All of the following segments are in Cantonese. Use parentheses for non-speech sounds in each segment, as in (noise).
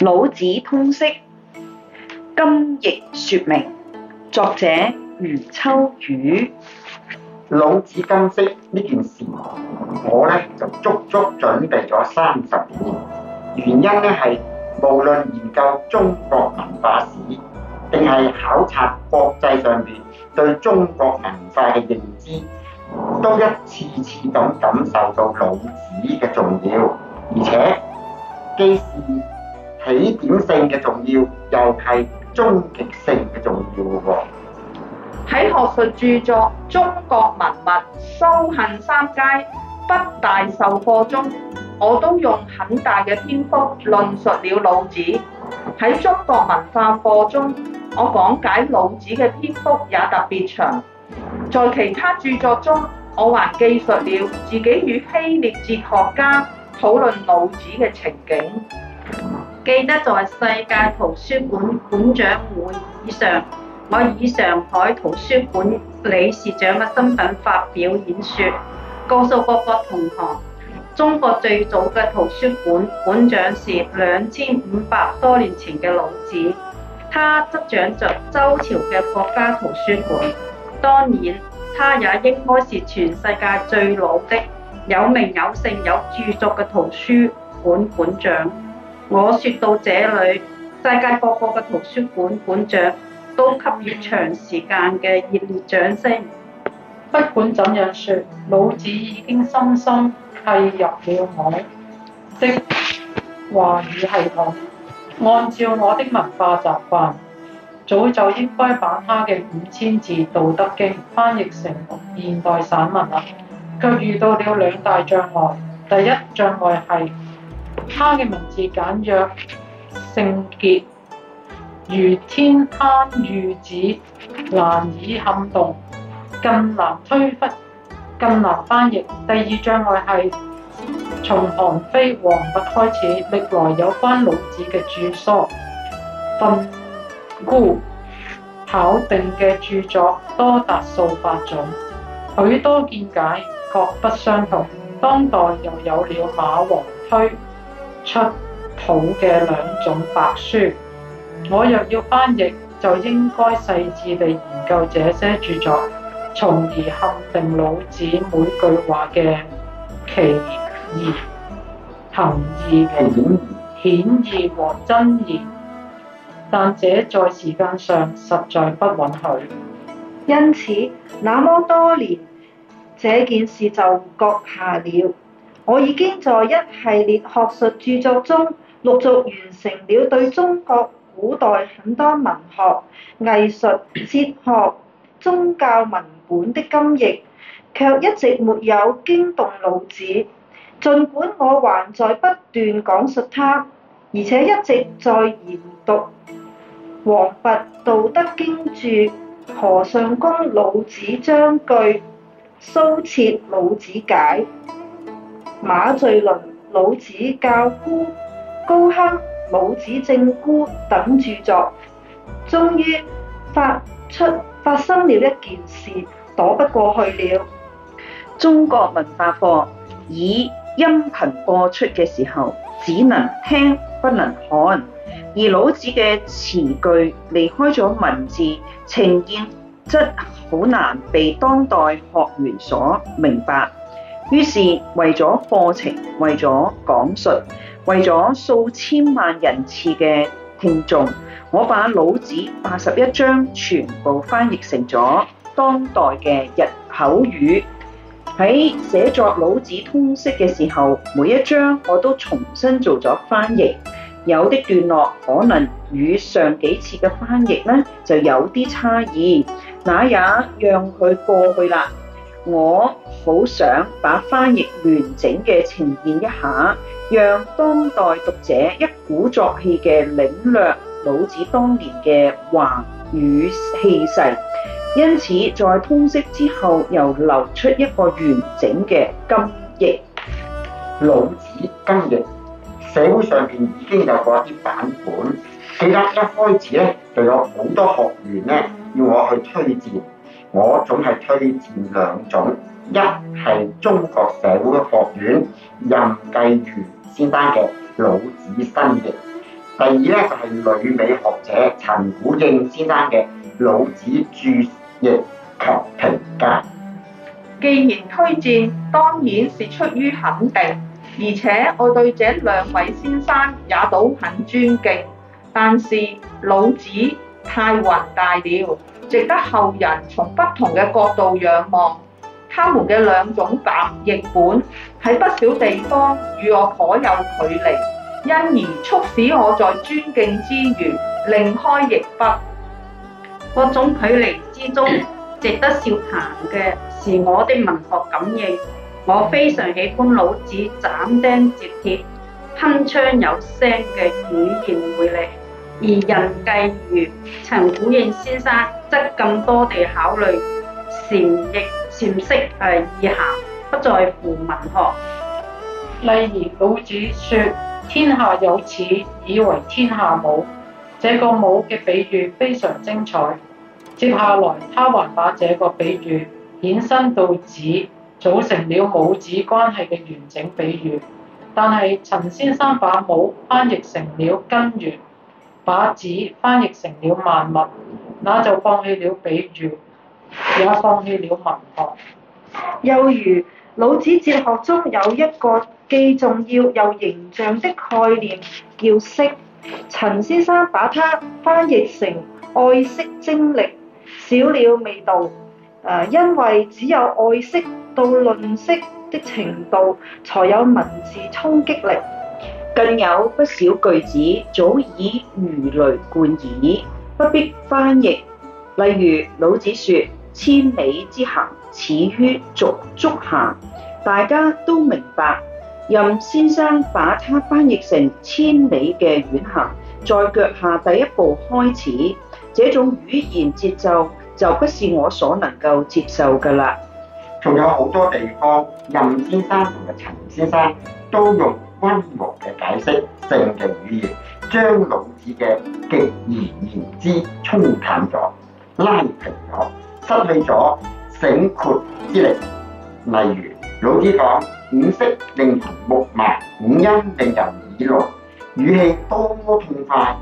老子通釋今譯說明，作者余秋雨。老子今釋呢件事，我呢就足足準備咗三十年。原因呢係，無論研究中國文化史，定係考察國際上邊對中國文化嘅認知，都一次次咁感受到老子嘅重要，而且，即使。起點性嘅重要，又係終極性嘅重要喎。喺學術著作《中國文物修恨三階北大授課》中，我都用很大嘅篇幅論述了老子。喺中國文化課中，我講解老子嘅篇幅也特別長。在其他著作中，我還記述了自己與希臘哲學家討論老子嘅情景。記得在世界圖書館館長會議上，我以上海圖書館理事長嘅身份發表演說，告訴各國同行，中國最早嘅圖書館館長是兩千五百多年前嘅老子，他執掌着周朝嘅國家圖書館，當然他也應該是全世界最老的有名有姓有著作嘅圖書館館長。我說到這裡，世界各國嘅圖書館館長都給予長時間嘅熱烈掌聲。不管怎樣說，老子已經深深契入了我的話語系統。按照我的文化習慣，早就應該把他嘅五千字《道德經》翻譯成現代散文啦，卻遇到了兩大障礙。第一障礙係他嘅名字簡約、聖潔，如天山玉子，難以撼動，更難推翻，更難翻譯。第二障礙係從韓非、王弼開始，歷來有關老子嘅注疏、訓詁、考訂嘅著作多達數百種，許多見解各不相同。當代又有了馬王堆，出土嘅兩種白書，我若要翻譯，就應該細緻地研究這些著作，從而判定老子每句話嘅歧義、行義嘅顯義和真義。但這在時間上實在不允許，因此那麼多年，這件事就擱下了。我已經在一系列學術著作中陸續完成了對中國古代很多文學、藝術、哲學、宗教文本的今譯，卻一直沒有驚動老子。儘管我還在不斷講述他，而且一直在研讀王弼《道德經注》、河上公《老子章句》、蘇轍《老子解》。馬敘倫、老子教姑、高亨、老子正姑等著作，終於發出發生了一件事，躲不過去了。中國文化課以音頻播出嘅時候，只能聽不能看，而老子嘅詞句離開咗文字，呈現則好難被當代學員所明白。於是為咗課程，為咗講述，為咗數千萬人次嘅聽眾，我把《老子》八十一章全部翻譯成咗當代嘅日口語。喺寫作《老子通釋》嘅時候，每一章我都重新做咗翻譯，有啲段落可能與上幾次嘅翻譯呢就有啲差異，那也讓佢過去啦。我好想把翻譯完整嘅呈現一下，讓當代讀者一鼓作氣嘅領略老子當年嘅華語氣勢。因此，在通釋之後，又流出一個完整嘅今譯《老子》今譯。社會上邊已經有過一啲版本，記得一開始咧就有好多學員咧要我去推薦。我總係推薦兩種，一係中國社會學院任繼權先生嘅《老子新譯》，第二咧就係女美學者陳鼓應先生嘅《老子註譯及評價》。既然推薦，當然是出於肯定，而且我對這兩位先生也都很尊敬。但是老子太宏大了。值得後人從不同的角度仰望，他們的兩種版譯本在不少地方與我頗有距離，因而促使我在尊敬之餘，另開譯筆。各種距離之中值得笑談的，是我的文學感應，我非常喜歡老子斬釘截鐵，鏗鏘有聲的語言魅力。 (coughs) 而任繼愈、陳鼓應先生則更多地考慮善易、善識誒意涵，不在乎文學。例如老子說：天下有始，以為天下母。這個母嘅比喻非常精彩。接下來，他還把這個比喻衍生到子，組成了母子關係嘅完整比喻。但係陳先生把母翻譯成了根源。把紙翻譯成了萬物，那就放棄了比喻，也放棄了文學。又如老子哲學中有一個既重要又形象的概念叫嗇，陳先生把它翻譯成愛惜精力，少了味道，啊。因為只有愛惜到吝嗇的程度，才有文字衝擊力。更有不少句子早已如雷貫耳，不必翻譯，例如老子說千里之行，始於足足下。大家都明白，任先生把它翻譯成千里嘅遠行，在腳下第一步開始，這種語言節奏就不是我所能夠接受噶啦。仲有好多地方，任先生同埋陳先生都用。温和嘅解釋，性情語言將老子嘅極而言之沖淡咗，拉平咗，失去咗醒豁之力。例如，老子講五色令人目盲，五音令人耳聾，語氣多麼痛快。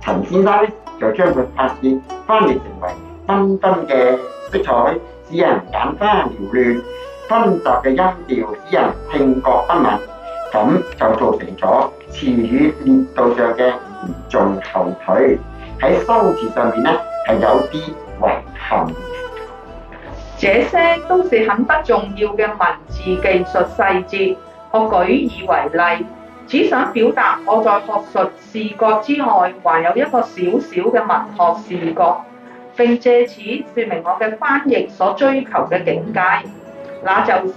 陳先生就將佢發展翻譯成為繽紛嘅色彩，使人眼花繚亂；紛雜嘅音調，使人聽覺不敏。咁就造成咗詞語密度上嘅嚴重後退，喺修辭上邊咧係有啲遺憾。這些都是很不重要嘅文字技術細節，我舉以為例，只想表達我在學術視覺之外，還有一個小小嘅文學視覺，並藉此說明我嘅翻譯所追求嘅境界，那就是。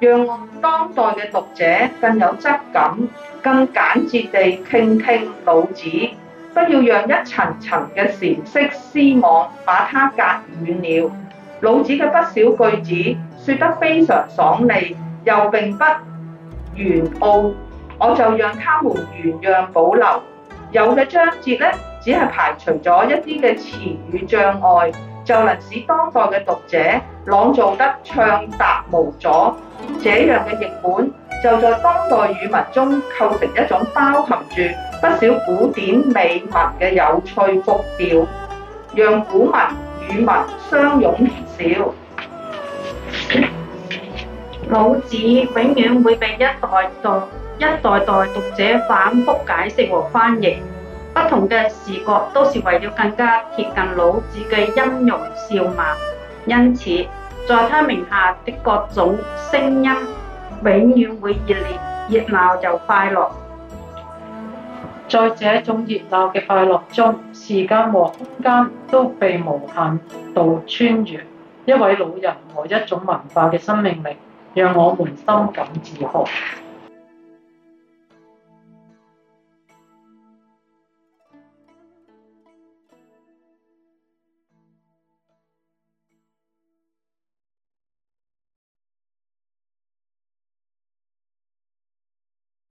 讓當代嘅讀者更有質感、更簡潔地傾聽老子，不要讓一層層嘅玄色絲網把他隔遠了。老子嘅不少句子説得非常爽利，又並不玄奧，我就讓他們原樣保留。有嘅章節呢，只係排除咗一啲嘅詞語障礙。就能使當代的讀者朗誦得暢達無阻，這樣的譯本就在當代語文中構成一種包含住不少古典美文的有趣複調，讓古文語文相容不少。老子永遠會被一代代一代代讀者反覆解釋和翻譯。不同嘅視覺都是為了更加貼近老子嘅音容笑貌，因此在他名下的各種聲音，永遠會熱烈、熱鬧又快樂。在這種熱鬧嘅快樂中，時間和空間都被無限度穿越。一位老人和一種文化嘅生命力，讓我們深感自豪。